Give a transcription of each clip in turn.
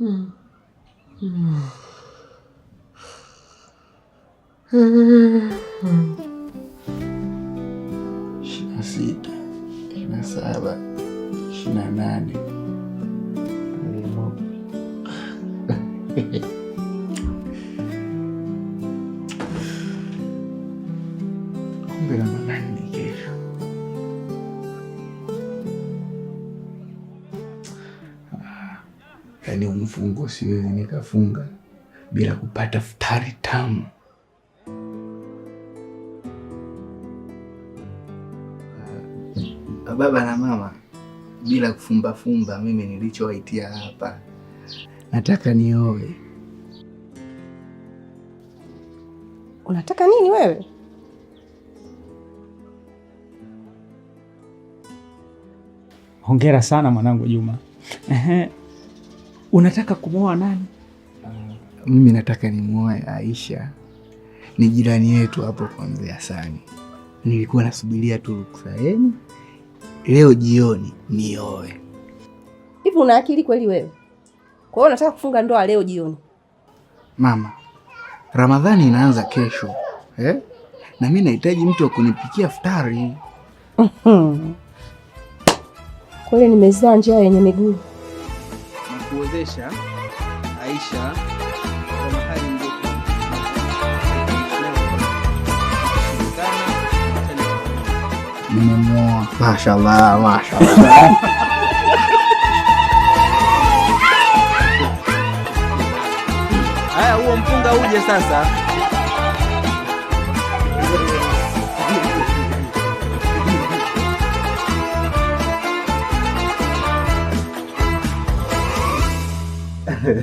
ishirini na sita, ishirini na saba, ishirini na nane yani umfungo siwezi nikafunga bila kupata futari tamu. Ah, baba na mama, bila kufumbafumba, mimi nilichowaitia hapa, nataka nioe. Unataka nini wewe? Hongera sana mwanangu Juma. Unataka kumwoa nani? Ah, mimi nataka nimwoe Aisha, ni jirani yetu hapo kwa Mzee Nilikuwa nasubiria tu ruksa yenu leo jioni nioe. Hivi una akili kweli wewe? Kwa hiyo unataka kufunga ndoa leo jioni? Mama, Ramadhani inaanza kesho eh? na mi nahitaji mtu wa kunipikia futari. Mhm. Kweli nimezaa njia yenye miguu kuwezesha Aisha kwa mahali mashallah. Haya, huo mpunga uje sasa.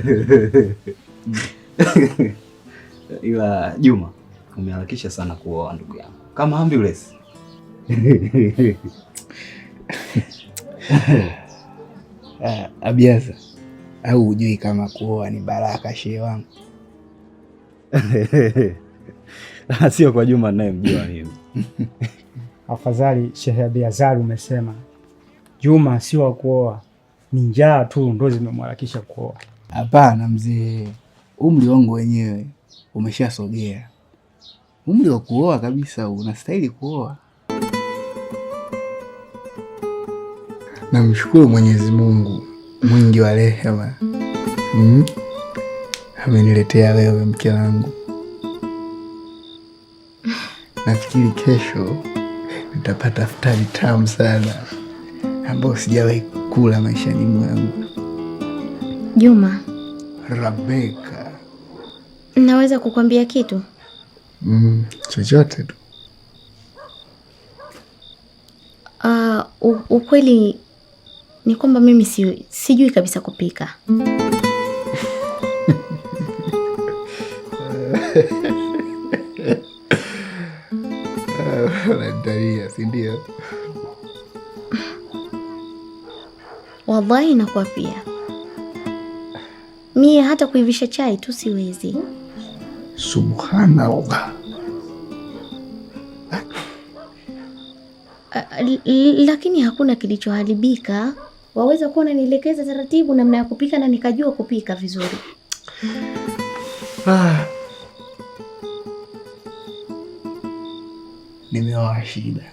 Ila Juma, umeharakisha sana kuoa ndugu yangu, kama ambulance Abiasa, au hujui kama kuoa ni baraka, shehe wangu? Ah, sio kwa Juma naye mjua mimi. Afadhali shehe Abiazari, umesema Juma sio wa kuoa, ni njaa tu ndo zimemwarakisha kuoa. Hapana mzee, umri wangu wenyewe umeshasogea, umri wa kuoa kabisa. Unastahili kuoa. Namshukuru Mwenyezi Mungu mwingi wa rehema mm, ameniletea wewe mke wangu. Nafikiri kesho nitapata futari tamu sana ambayo sijawahi kula maishani mwangu. Juma. Rabeka, naweza kukwambia kitu? Mm, chochote tu. Uh, ukweli ni kwamba mimi si, sijui kabisa kupika. Ananitaria, si ndio? Wallahi nakuwa pia Mie hata kuivisha chai tu siwezi. Subhanallah. Lakini hakuna kilichoharibika. Waweza kuwa unanielekeza taratibu namna ya kupika na nikajua kupika vizuri. Ah. Nimewa shida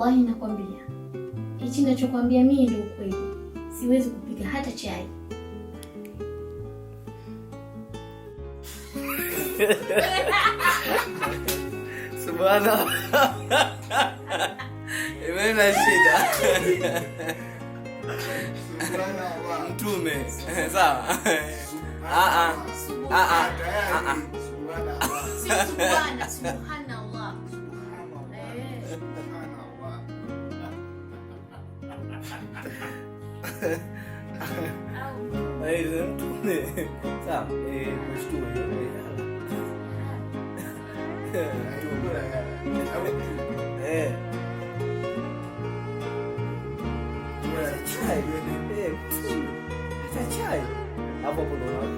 wallahi nakwambia, hichi ninachokwambia mimi ndio ukweli. Siwezi kupika hata chai. Subhana. Imena shida. Mtume. Sawa. Ah ah. Ah ah. Subhana. Subhana. Ah, ils aiment né? tout, mais né? tá, é et je tourne. Je tourne. é tourne. Je tourne. Je tourne. Je tourne. Je tourne. Je tourne. Je tourne. Je tourne. Je tourne.